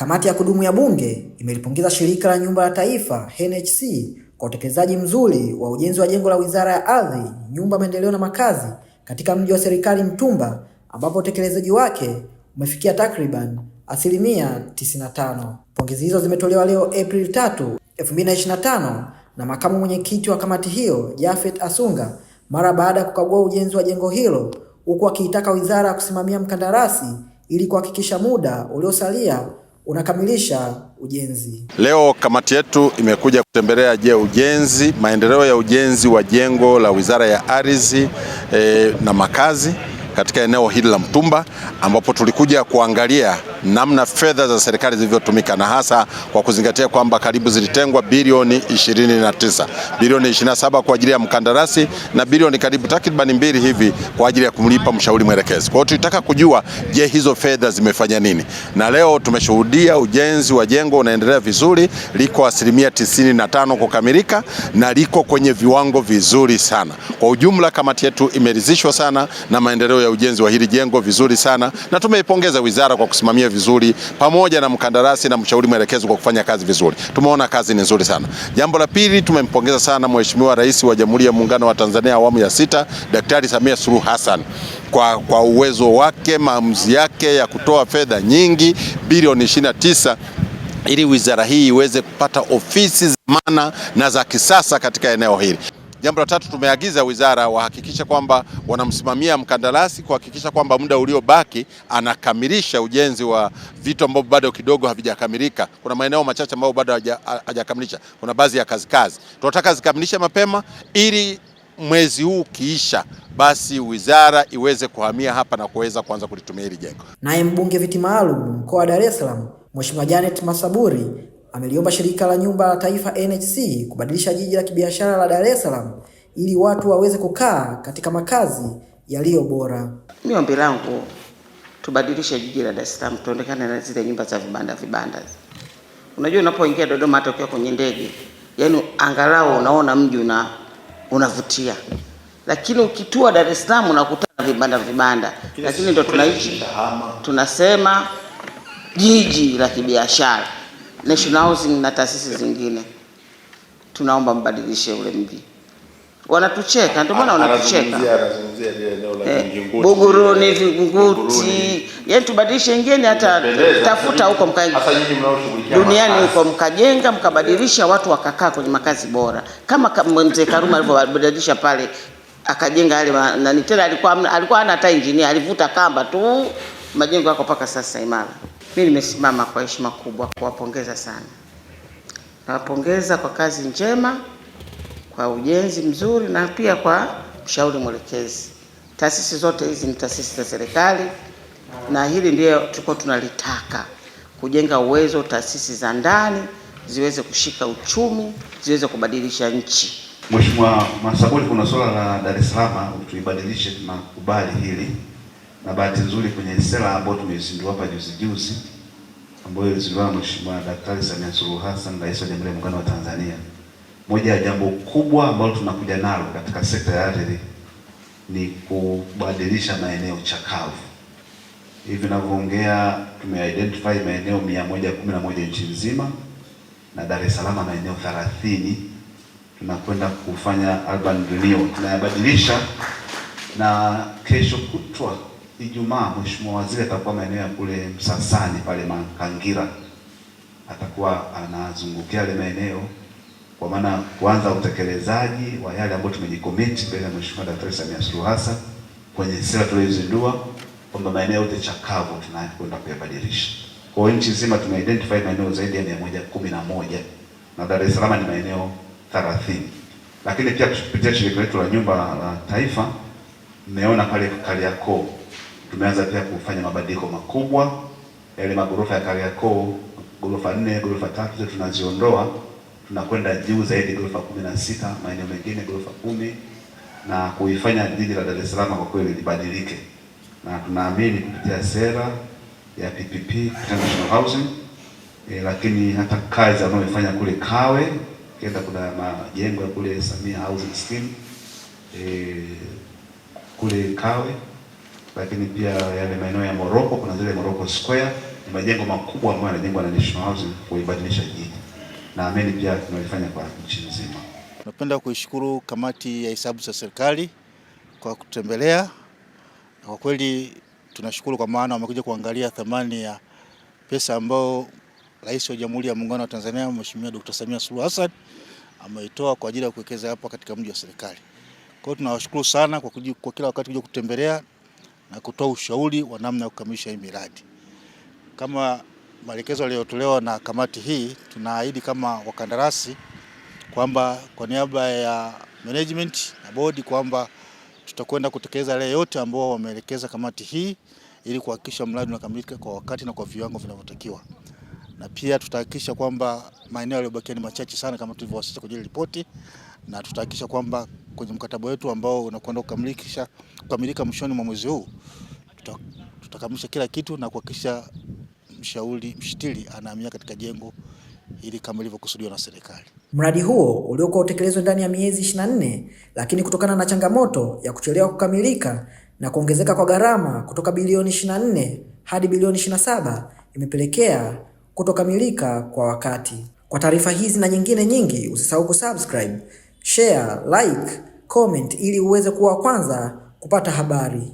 Kamati ya kudumu ya Bunge imelipongeza Shirika la Nyumba ya Taifa NHC kwa utekelezaji mzuri wa ujenzi wa jengo la Wizara ya Ardhi, Nyumba, Maendeleo na Makazi katika mji wa serikali Mtumba, ambapo utekelezaji wake umefikia takriban asilimia 95. Pongezi hizo zimetolewa leo april 3, 2025 na makamu mwenyekiti wa kamati hiyo jafet Asunga mara baada ya kukagua ujenzi wa jengo hilo, huku akiitaka wizara ya kusimamia mkandarasi ili kuhakikisha muda uliosalia unakamilisha ujenzi. Leo kamati yetu imekuja kutembelea je, ujenzi maendeleo ya ujenzi wa jengo la Wizara ya Ardhi e, na Makazi katika eneo hili la Mtumba ambapo tulikuja kuangalia namna fedha za serikali zilivyotumika na hasa kwa kuzingatia kwamba karibu zilitengwa bilioni 29, bilioni 27 kwa ajili ya mkandarasi na bilioni karibu takribani mbili hivi kwa ajili ya kumlipa mshauri mwelekezi. Kwa hiyo tulitaka kujua, je, hizo fedha zimefanya nini? Na leo tumeshuhudia ujenzi wa jengo unaendelea vizuri, liko asilimia 95 kukamilika na liko kwenye viwango vizuri sana. Kwa ujumla, kamati yetu imeridhishwa sana na maendeleo ya ujenzi wa hili jengo vizuri sana, na tumeipongeza wizara kwa kusimamia vizuri, pamoja na mkandarasi na mshauri mwelekezo kwa kufanya kazi vizuri. Tumeona kazi ni nzuri sana. Jambo la pili, tumempongeza sana Mheshimiwa Rais wa Jamhuri ya Muungano wa Tanzania awamu ya sita, Daktari Samia Suluhu Hassan kwa, kwa uwezo wake, maamuzi yake ya kutoa fedha nyingi bilioni 29 ili wizara hii iweze kupata ofisi za maana na za kisasa katika eneo hili. Jambo la tatu, tumeagiza wizara wahakikishe kwamba wanamsimamia mkandarasi kuhakikisha kwamba muda uliobaki anakamilisha ujenzi wa vitu ambavyo bado kidogo havijakamilika. Kuna maeneo machache ambayo bado hajakamilisha, kuna baadhi ya kazikazi tunataka zikamilishe mapema ili mwezi huu ukiisha, basi wizara iweze kuhamia hapa na kuweza kuanza kulitumia hili jengo. Naye mbunge viti maalum mkoa wa Dar es Salaam Mheshimiwa Janet Masaburi ameliomba shirika la nyumba la taifa NHC kubadilisha jiji la kibiashara la Dar es Salaam ili watu waweze kukaa katika makazi yaliyo bora. Mimi ombi langu tubadilishe jiji la Dar es Salaam, tuondekane na zile nyumba za vibanda vibanda. Unajua, unapoingia Dodoma, hata ukiwa kwenye ndege, yani angalau unaona mji una unavutia, lakini ukitua Dar es Salaam unakutana vibanda vibanda, lakini ndo tunaishi tunasema jiji la kibiashara. National Housing na taasisi zingine, tunaomba mbadilishe ule mji. Wanatucheka, ndio maana ah, wanatucheka. Eh, Buguruni, Vingunguti, yaani tubadilishe, ingine hata tafuta huko duniani huko mkajenga mkabadilisha, watu wakakaa kwenye makazi bora, kama mzee Karume alivyobadilisha pale akajenga yale nani tena, alikuwa alikuwa hana hata injinia, alivuta kamba tu, majengo yako mpaka sasa imara mi nimesimama kwa heshima kubwa kuwapongeza sana. Nawapongeza kwa kazi njema, kwa ujenzi mzuri na pia kwa mshauri mwelekezi. Taasisi zote hizi ni taasisi za serikali na hili ndio tulikuwa tunalitaka, kujenga uwezo taasisi za ndani ziweze kushika uchumi, ziweze kubadilisha nchi. Mheshimiwa Masaburi, kuna swala la Dar es Salaam tuibadilishe, tunakubali hili na bahati nzuri kwenye sera ambayo tumeizindua hapa juzi juzi ambayo ilizindua na Mheshimiwa Daktari Samia Suluhu Hassan, Rais wa Jamhuri ya Muungano wa Tanzania, moja ya jambo kubwa ambalo tunakuja nalo katika sekta ya ardhi ni kubadilisha maeneo chakavu. Hivi ninavyoongea tumeidentify maeneo 111 nchi nzima na Dar es Salaam maeneo 30 tunakwenda kufanya urban renewal, tunayabadilisha na kesho kutwa Ijumaa mheshimiwa waziri atakuwa maeneo ya kule Msasani pale Mankangira, atakuwa anazungukia yale maeneo kwa maana kuanza utekelezaji wa yale ambayo tumejikomiti mbele ya Mheshimiwa Daktari Samia Suluhu Hassan kwenye sera tuliyozindua kwamba maeneo yote chakavu tunakwenda kuyabadilisha. Kwa hiyo nchi nzima tumeidentify maeneo zaidi ya mia moja kumi na moja na Dar es Salaam ni maeneo 30. Lakini pia kupitia shirika letu la nyumba la taifa mmeona pale Kariakoo tumeanza pia kufanya mabadiliko makubwa. Yale magorofa ya Kariakoo, gorofa nne, gorofa tatu zote tunaziondoa, tunakwenda juu zaidi, gorofa kumi na sita, maeneo mengine gorofa kumi, na kuifanya jiji la Dar es Salaam kwa kweli libadilike, na tunaamini kupitia sera ya PPP National Housing e, lakini hata kazi wanaoifanya kule Kawe kenda kuna majengo ya kule Samia Housing Scheme e, kule Kawe lakini pia yale maeneo ya Morocco, kuna zile Morocco Square, ni majengo makubwa ambayo yanajengwa na National Housing kuibadilisha jiji, na ameni pia tunaifanya kwa nchi nzima. Napenda kuishukuru kamati ya hesabu za serikali kwa kutembelea, na kwa kweli tunashukuru kwa maana wamekuja kuangalia thamani ya pesa ambayo Rais wa Jamhuri ya Muungano wa Tanzania Mheshimiwa Dr. Samia Suluhu Hassan ameitoa kwa ajili ya kuwekeza hapa katika mji wa serikali. Kwa hiyo tunawashukuru sana kwa, kwa kila wakati kuja kutembelea na kutoa ushauri wa namna ya kukamilisha hii miradi. Kama maelekezo yaliyotolewa na kamati hii, tunaahidi kama wakandarasi kwamba kwa niaba ya management na bodi kwamba tutakwenda kutekeleza yale yote ambao wameelekeza kamati hii ili kuhakikisha mradi unakamilika kwa wakati na kwa viwango vinavyotakiwa na pia tutahakikisha kwamba maeneo yaliyobakia ni machache sana kama tulivyowasilisha kwenye ripoti, na tutahakikisha kwamba kwenye mkataba wetu ambao unakwenda kukamilisha kukamilika mwishoni mwa mwezi huu tutakamilisha kila kitu na kuhakikisha mshauri mshitiri anahamia katika jengo ili kama ilivyokusudiwa na serikali. Mradi huo uliokuwa utekelezwe ndani ya miezi 24, lakini kutokana na changamoto ya kuchelewa kukamilika na kuongezeka kwa gharama kutoka bilioni 24 hadi bilioni 27 imepelekea kutokamilika kwa wakati. Kwa taarifa hizi na nyingine nyingi, usisahau kusubscribe, share, like, comment ili uweze kuwa wa kwanza kupata habari.